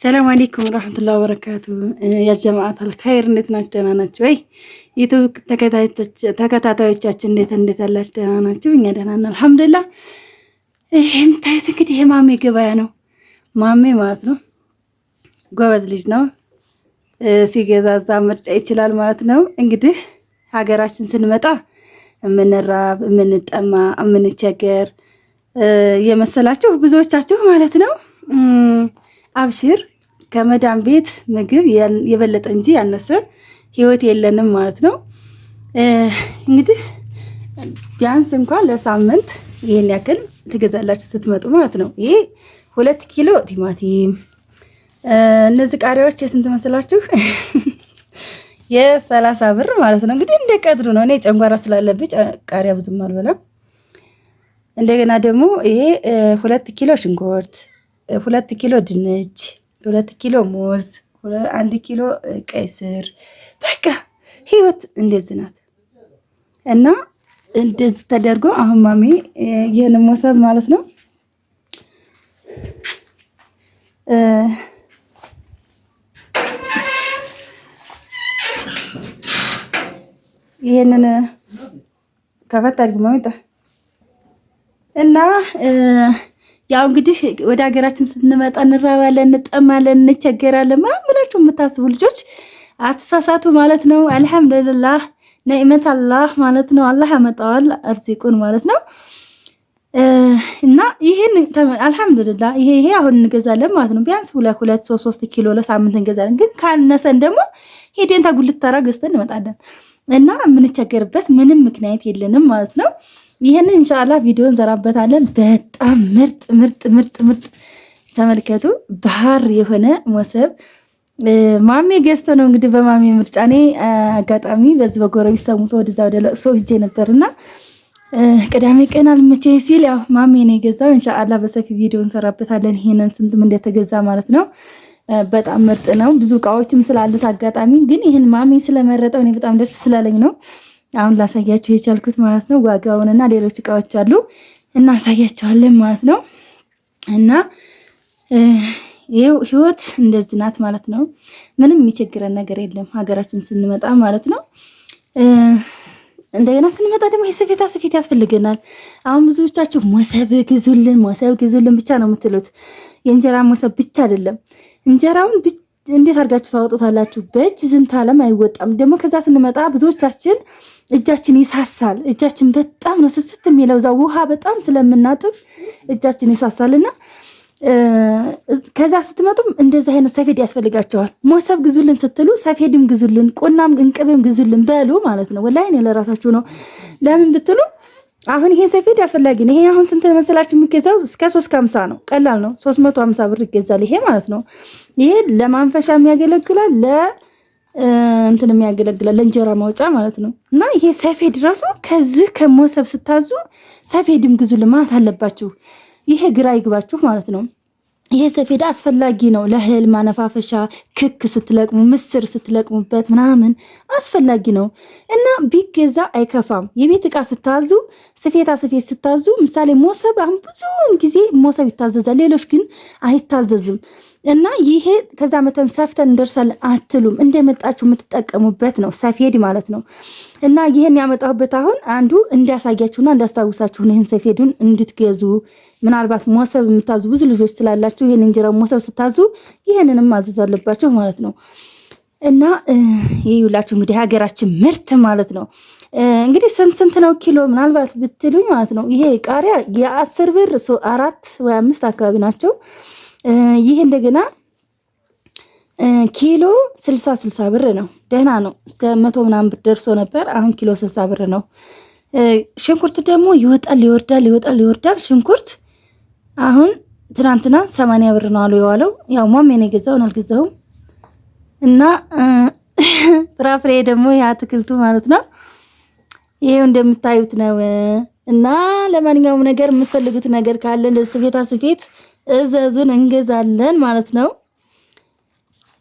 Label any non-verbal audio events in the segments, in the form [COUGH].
ሰላም አለይኩም ረህመቱላሂ ወበረካቱ። ያ ጀማዓተል እንዴት ናችሁ? ደህና ናችሁ ወይ? ዩቲዩብ ተከታታዮቻችን እንዴት እንዴት አላችሁ? ደህና ናችሁ? እኛ ደህና ነን አልሐምዱሊላህ። ይሄ የምታዩት እንግዲህ የማሜ ገበያ ነው። ማሜ ማለት ነው ጎበዝ ልጅ ነው። ሲገዛዛ ምርጫ ይችላል ማለት ነው። እንግዲህ ሀገራችን ስንመጣ የምንራብ፣ የምንጠማ፣ የምንቸገር የመሰላችሁ ብዙዎቻችሁ ማለት ነው አብሽር ከመዳም ቤት ምግብ የበለጠ እንጂ ያነሰ ህይወት የለንም ማለት ነው። እንግዲህ ቢያንስ እንኳን ለሳምንት ይህን ያክል ትገዛላችሁ ስትመጡ ማለት ነው። ይሄ ሁለት ኪሎ ቲማቲም። እነዚህ ቃሪያዎች የስንት መስላችሁ? [LAUGHS] የሰላሳ ብር ማለት ነው። እንግዲህ እንደ ቀድሩ ነው። እኔ ጨንጓራ ስላለብኝ ቃሪያ ብዙም አልበላም። እንደገና ደግሞ ይሄ ሁለት ኪሎ ሽንኩርት ሁለት ኪሎ ድንች፣ ሁለት ኪሎ ሙዝ፣ አንድ ኪሎ ቀይ ስር። በቃ ህይወት እንደዚህ ናት እና እንደዚህ ተደርጎ አሁን ማሚ ይህን ሞሰብ ማለት ነው ይህንን ከፈት አድርጊ ማሚጣ እና ያው እንግዲህ ወደ ሀገራችን ስንመጣ እንራባለን፣ እንጠማለን፣ እንቸገራለን ምናምን ብላችሁ የምታስቡ ልጆች አትሳሳቱ ማለት ነው። አልሐምዱልላህ ነዕመት አላህ ማለት ነው። አላህ ያመጣዋል እርዚቁን ማለት ነው። እና ይሄን አልሐምዱልላ ይሄ ይሄ አሁን እንገዛለን ማለት ነው። ቢያንስ ሁለት ሁለት ሶስት ሶስት ኪሎ ለሳምንት እንገዛለን። ግን ካነሰን ደግሞ ሄደን ተጉልተራ ገዝተን እንመጣለን እና የምንቸገርበት ምንም ምክንያት የለንም ማለት ነው። ይህንን እንሻላ ቪዲዮ እንሰራበታለን። በጣም ምርጥ ምርጥ ምርጥ ምርጥ ተመልከቱ። ባህር የሆነ መሶብ ማሜ ገዝቶ ነው እንግዲህ በማሜ ምርጫ። እኔ አጋጣሚ በዚህ በጎረቤት ሰሙቶ ወደዛ ወደ ለቅሶ ሂጄ ነበርና ቅዳሜ ቀን አልመቼ ሲል ያው ማሜ ነው የገዛው። እንሻላ በሰፊ ቪዲዮ እንሰራበታለን። ይሄንን ስንትም እንደተገዛ ማለት ነው። በጣም ምርጥ ነው። ብዙ እቃዎችም ስላሉት አጋጣሚ ግን ይህን ማሜ ስለመረጠው እኔ በጣም ደስ ስላለኝ ነው አሁን ላሳያችሁ የቻልኩት ማለት ነው። እና ሌሎች እቃዎች አሉ እናሳያቸዋለን ማለት ነው። እና ህይወት እንደዚህ ናት ማለት ነው። ምንም የሚቸግረን ነገር የለም ሀገራችን ስንመጣ ማለት ነው። እንደገና ስንመጣ ደግሞ የስፌታ ስፌት ያስፈልገናል። አሁን ብዙዎቻችሁ ሞሰብ ግዙልን፣ ሞሰብ ግዙልን ብቻ ነው የምትሉት። የእንጀራ ሞሰብ ብቻ አይደለም እንጀራውን እንዴት አድርጋችሁ ታወጡታላችሁ? በእጅ ዝንተ ዓለም አይወጣም። ደግሞ ከዛ ስንመጣ ብዙዎቻችን እጃችን ይሳሳል። እጃችን በጣም ነው ስስት የሚለው እዛ ውሃ በጣም ስለምናጥብ እጃችን ይሳሳል እና ከዛ ስትመጡም እንደዚህ አይነት ሰፌድ ያስፈልጋቸዋል። ሞሰብ ግዙልን ስትሉ ሰፌድም ግዙልን፣ ቁናም እንቅብም ግዙልን በሉ ማለት ነው። ወላይን ለራሳችሁ ነው። ለምን ብትሉ አሁን ይሄ ሰፌድ አስፈላጊ ነው። ይሄ አሁን ስንት መሰላችሁ የሚገዛው? እስከ 350 ነው። ቀላል ነው። 350 ብር ይገዛል ይሄ ማለት ነው። ይሄ ለማንፈሻ የሚያገለግላል፣ ለ እንትን የሚያገለግላል፣ ለእንጀራ ማውጫ ማለት ነው። እና ይሄ ሰፌድ ራሱ ከዚህ ከሞሰብ ስታዙ ሰፌድም ግዙ ልማት አለባችሁ። ይሄ ግራ ይግባችሁ ማለት ነው። ይሄ ሰፌድ አስፈላጊ ነው ለእህል ማነፋፈሻ፣ ክክ ስትለቅሙ፣ ምስር ስትለቅሙበት ምናምን አስፈላጊ ነው እና ቢገዛ አይከፋም። የቤት እቃ ስታዙ፣ ስፌታ ስፌት ስታዙ፣ ምሳሌ ሞሰብ፣ አሁን ብዙውን ጊዜ ሞሰብ ይታዘዛል፣ ሌሎች ግን አይታዘዝም። እና ይሄ ከዛ መተን ሰፍተን እንደርሳለን አትሉም። እንደመጣችሁ የምትጠቀሙበት ነው ሰፌድ ማለት ነው። እና ይህን ያመጣሁበት አሁን አንዱ እንዲያሳያችሁና እንዳስታውሳችሁን ይህን ሰፌዱን እንድትገዙ ምናልባት ሞሰብ የምታዙ ብዙ ልጆች ስላላችሁ ይህን እንጀራ ሞሰብ ስታዙ ይህንንም ማዘዝ አለባቸው ማለት ነው። እና ይዩላችሁ እንግዲህ ሀገራችን ምርት ማለት ነው። እንግዲህ ስንት ስንት ነው ኪሎ ምናልባት ብትሉኝ ማለት ነው ይሄ ቃሪያ የአስር ብር አራት ወይ አምስት አካባቢ ናቸው። ይህ እንደገና ኪሎ ስልሳ ስልሳ ብር ነው። ደህና ነው። እስከ መቶ ምናምን ብር ደርሶ ነበር። አሁን ኪሎ ስልሳ ብር ነው። ሽንኩርት ደግሞ ይወጣል ይወርዳል፣ ይወጣል ይወርዳል ሽንኩርት አሁን ትናንትና ሰማንያ ብር ነው አሉ የዋለው። ያው ማም የኔ ገዛውን አልገዛሁም እና ፍራፍሬ ደግሞ የአትክልቱ ማለት ነው ይሄው እንደምታዩት ነው። እና ለማንኛውም ነገር የምትፈልጉት ነገር ካለ ስፌታ ስፌት እዘዙን እንገዛለን ማለት ነው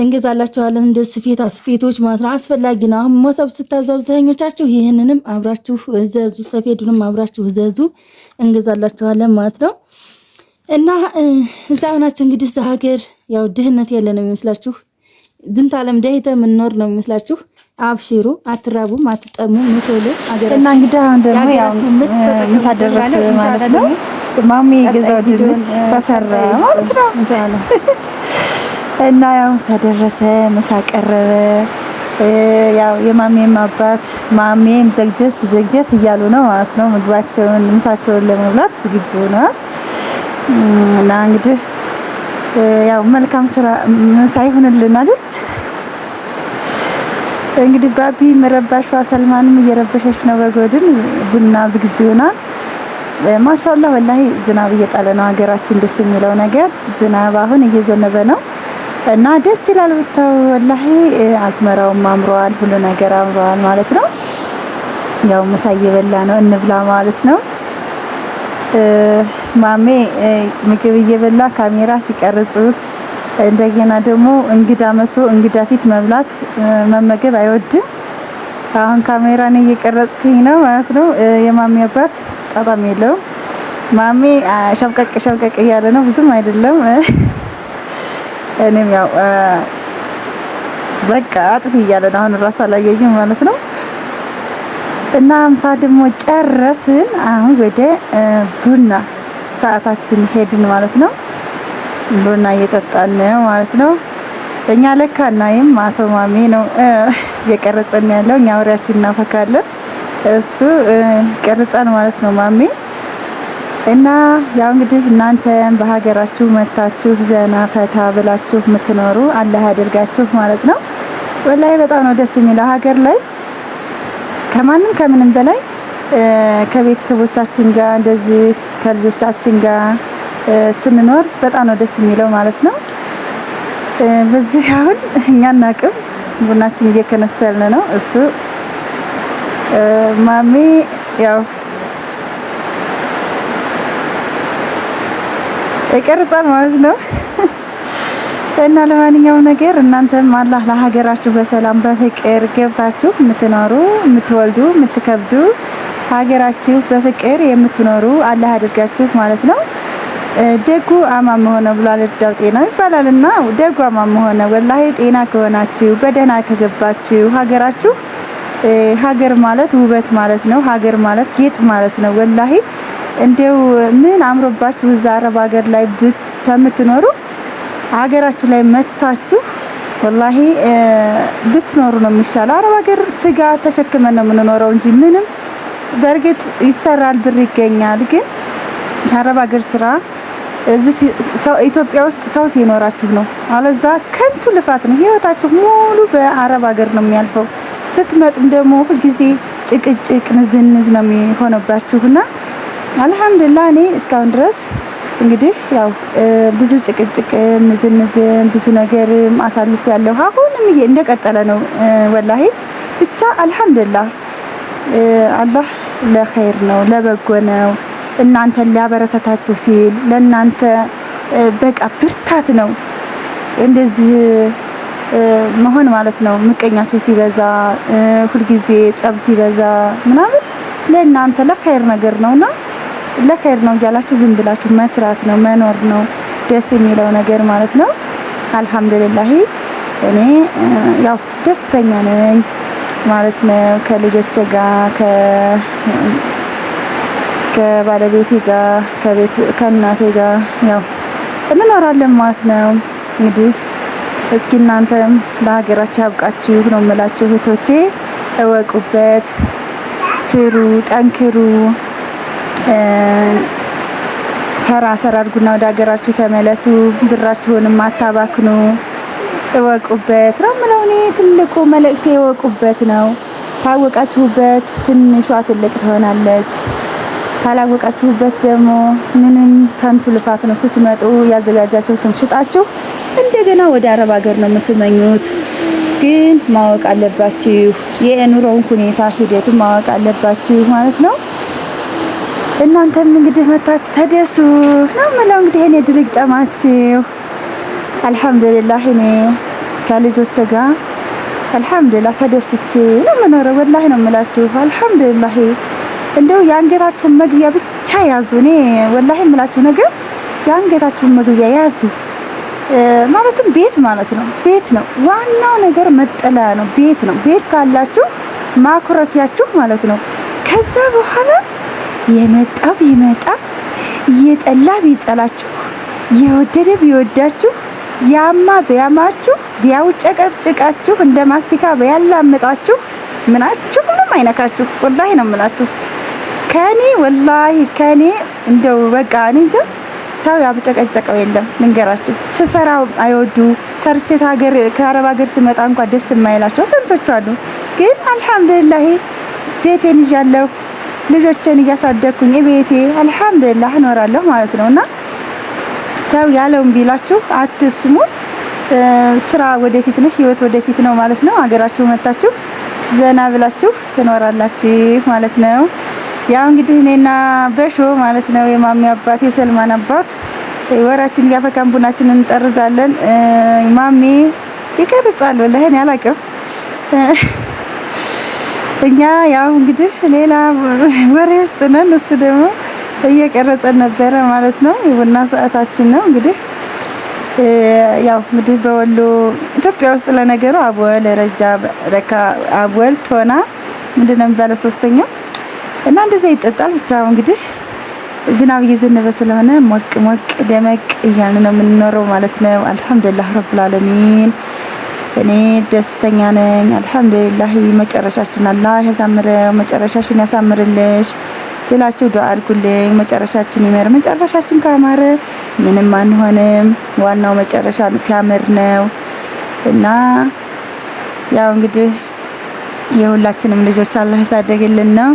እንገዛላችኋለን እንደ ስፌት ስፌቶች ማለት ነው። አስፈላጊ ነው። አሁን መሶብ ስታዙ አብዛኞቻችሁ ይህንንም አብራችሁ እዘዙ፣ ሰፌዱንም አብራችሁ እዘዙ፣ እንገዛላችኋለን ማለት ነው። እና እዛ ናቸው እንግዲህ እዛ ሀገር ያው ድህነት የለ ነው የሚመስላችሁ። ዝንተ ዓለም ደህተ የምንኖር ነው የሚመስላችሁ። አብሽሩ፣ አትራቡም፣ አትጠሙም። ምቶሎ እና እንግዲህ አሁን ደግሞ ምሳ ደረሰ ማለት ነው። ማሚ የገዛው ድንች ተሰራ ማለት ነው። ኢንሻአላህ [LAUGHS] እና ያው ምሳ ደረሰ፣ ምሳ ቀረበ። ያው የማሜም አባት ማሜም ዘግጀት ዘግጀት እያሉ ነው ማለት ነው። ምግባቸውን ምሳቸውን ለመብላት ዝግጁ ሆነዋል። እና እንግዲህ ያው መልካም ስራ ሳይሆንልን አይደል እንግዲህ ባቢ መረባሽዋ ሰልማንም እየረበሸች ነው። በጎድን ቡና ዝግጁ ይሆናል። ማሻላ ወላሂ ዝናብ እየጣለ ነው። ሀገራችን ደስ የሚለው ነገር ዝናብ አሁን እየዘነበ ነው እና ደስ ይላል። ብታው ወላሂ አዝመራውም አምሯል፣ ሁሉ ነገር አምሯል ማለት ነው። ያው ምሳ እየበላ ነው፣ እንብላ ማለት ነው። ማሜ ምግብ እየበላ ካሜራ ሲቀርጹት፣ እንደገና ደግሞ እንግዳ መጥቶ እንግዳ ፊት መብላት መመገብ አይወድም። አሁን ካሜራ ነው እየቀረጽኩኝ ነው ማለት ነው። የማሜ አባት ጣጣም የለውም። ማሜ ሸብቀቅ ሸብቀቅ እያለ ነው፣ ብዙም አይደለም። [LAUGHS] እኔም ያው በቃ አጥፍ እያለ ነው። አሁን ራስ አላየኝም ማለት ነው። እና አምሳ ደግሞ ጨረስን። አሁን ወደ ቡና ሰዓታችን ሄድን ማለት ነው። ቡና እየጠጣን ማለት ነው። እኛ ለካ እናይም አቶ ማሜ ነው እየቀረጸን ያለው። እኛ ወሬያችን እናፈካለን፣ እሱ ይቀርጻል ማለት ነው ማሜ እና ያው እንግዲህ እናንተ በሀገራችሁ መታችሁ ዘና ፈታ ብላችሁ የምትኖሩ አላህ ያደርጋችሁ ማለት ነው። ወላይ በጣም ነው ደስ የሚለው ሀገር ላይ ከማንም ከምንም በላይ ከቤተሰቦቻችን ጋር እንደዚህ ከልጆቻችን ጋር ስንኖር በጣም ነው ደስ የሚለው ማለት ነው። በዚህ አሁን እኛ እናቅም ቡናችን እየከነሰልን ነው። እሱ ማሜ ያው ይቀርጻል ማለት ነው። እና ለማንኛውም ነገር እናንተም አላህ ለሀገራችሁ በሰላም በፍቅር ገብታችሁ የምትኖሩ የምትወልዱ የምትከብዱ ሀገራችሁ በፍቅር የምትኖሩ አላህ አድርጋችሁ ማለት ነው። ደጉ አማም ሆነ ብሏል እዳው ጤና ይባላል እና ደጉ አማም ሆነ ወላሂ ጤና ከሆናችሁ በደህና ከገባችሁ ሀገራችሁ ሀገር ማለት ውበት ማለት ነው። ሀገር ማለት ጌጥ ማለት ነው። ወላሂ እንደው ምን አምሮባችሁ እዛ አረብ ሀገር ላይ ከምትኖሩ አገራችሁ ላይ መታችሁ ወላሂ ብትኖሩ ነው የሚሻለው። አረብ ሀገር ስጋ ተሸክመን ነው የምንኖረው እንጂ ምንም በእርግጥ ይሰራል፣ ብር ይገኛል። ግን የአረብ ሀገር ስራ እዚህ ኢትዮጵያ ውስጥ ሰው ሲኖራችሁ ነው። አለዛ ከንቱ ልፋት ነው። ህይወታችሁ ሙሉ በአረብ ሀገር ነው የሚያልፈው። ስትመጡም ደግሞ ሁልጊዜ ጭቅጭቅ፣ ንዝንዝ ነው የሚሆነባችሁና አልሐምዱሊላህ እኔ እስካሁን ድረስ እንግዲህ ያው ብዙ ጭቅጭቅ ምዝምዝም ብዙ ነገር አሳልፍ ያለው አሁንም እንደቀጠለ ነው። ወላሂ ብቻ አልሐምዱሊላህ አላህ ለኸይር ነው ለበጎ ነው። እናንተን ሊያበረታታችሁ ሲል ለእናንተ በቃ ብርታት ነው እንደዚህ መሆን ማለት ነው። ምቀኛችሁ ሲበዛ ሁልጊዜ ጸብ ሲበዛ ምናምን ለእናንተ ለኸይር ነገር ነውና ለከይር ነው እያላችሁ ዝም ብላችሁ መስራት ነው መኖር ነው ደስ የሚለው ነገር ማለት ነው። አልሐምዱሊላሂ እኔ ያው ደስተኛ ነኝ ማለት ነው። ከልጆቼ ጋር ከ ከባለቤቴ ጋር ከቤት ከእናቴ ጋር ያው እንኖራለን ማለት ነው። እንግዲህ እስኪ እናንተም ለሀገራችሁ ያብቃችሁ ነው የምላችሁ። እህቶቼ እወቁበት፣ ስሩ፣ ጠንክሩ። ሰራ ሰራ አድርጉና ወደ ሀገራችሁ ተመለሱ፣ ብራችሁንም አታባክኑ፣ እወቁበት ነው የምለው እኔ። ትልቁ መልእክቴ እወቁበት ነው። ታወቃችሁበት ትንሿ ትልቅ ትሆናለች። ካላወቃችሁበት ደግሞ ምንም ከንቱ ልፋት ነው። ስትመጡ ያዘጋጃችሁትን ሽጣችሁ እንደገና ወደ አረብ ሀገር ነው የምትመኙት። ግን ማወቅ አለባችሁ፣ የኑሮውን ሁኔታ ሂደቱን ማወቅ አለባችሁ ማለት ነው። እናንተም እንግዲህ መታችሁ ተደሱ ነው የምለው። እንግዲህ እኔ ድል ይግጠማችሁ። አልሐምዱሊላህ እኔ ከልጆቼ ጋር አልሐምዱሊላህ ተደስቼ ነው የምኖረው። ወላሂ ነው የምላችሁ። አልሐምዱሊላህ እንደው የአንገታችሁን መግቢያ ብቻ ያዙ። እኔ ወላሂ የምላችሁ ነገር የአንገታችሁን መግቢያ ያዙ። ማለትም ቤት ማለት ነው። ቤት ነው ዋናው ነገር፣ መጠለያ ነው። ቤት ነው። ቤት ካላችሁ ማኩረፊያችሁ ማለት ነው። ከዛ በኋላ የመጣ ቢመጣ የጠላ ቢጠላችሁ የወደደ ቢወዳችሁ ያማ ቢያማችሁ ቢያውጨቀጭቃችሁ እንደ ማስቲካ ቢያላምጣችሁ ምናችሁ ምንም አይነካችሁ። ወላሂ ነው የምላችሁ። ከኔ ወላሂ ከኔ እንደው በቃ እኔ እንጃ ሰው ያብጨቀጨቀው የለም። ልንገራችሁ ስሰራ አይወዱ ሰርቼት ሀገር ከአረብ ሀገር ስመጣ እንኳን ደስ የማይላቸው ስንቶች አሉ። ግን አልሐምዱሊላህ ቤቴን ይዣለሁ። ልጆችን እያሳደግኩኝ ቤቴ አልሐምዱሊላህ እኖራለሁ ማለት ነው። እና ሰው ያለውን ቢላችሁ አትስሙ። ስራ ወደፊት ነው፣ ህይወት ወደፊት ነው ማለት ነው። አገራችሁ መታችሁ ዘና ብላችሁ ትኖራላችሁ ማለት ነው። ያው እንግዲህ እኔና በሾ ማለት ነው የማሚ አባት የሰልማን አባት ወራችን እያፈካን ቡናችንን እንጠርዛለን። ማሜ ይቀርጻል። ወላሂ እኔ እኛ ያው እንግዲህ ሌላ ወሬ ውስጥ ነን። እሱ ደግሞ እየቀረጸን ነበረ ማለት ነው። የቡና ሰዓታችን ነው እንግዲህ ያው እንግዲህ በወሎ ኢትዮጵያ ውስጥ ለነገሩ አቦል ረጃ ረካ አቦል ቶና ምንድን ነው የሚባለው ሶስተኛው እና እንደዚያ ይጠጣል። ብቻ እንግዲህ ዝናብ እየዘነበ ስለሆነ ሞቅ ሞቅ ደመቅ እያልን ነው የምንኖረው ማለት ነው። አልሐምዱሊላህ ረብል ዓለሚን እኔ ደስተኛ ነኝ። አልሐምዱሊላህ መጨረሻችን አላህ ያሳምረው፣ መጨረሻችን ያሳምርልሽ ይላችሁ ዱዓ አድርጉልኝ። መጨረሻችን ይመር። መጨረሻችን ካማረ ምንም አንሆንም። ዋናው መጨረሻ ሲያምር ነው እና ያው እንግዲህ የሁላችንም ልጆች አላህ ያሳደግልን ነው።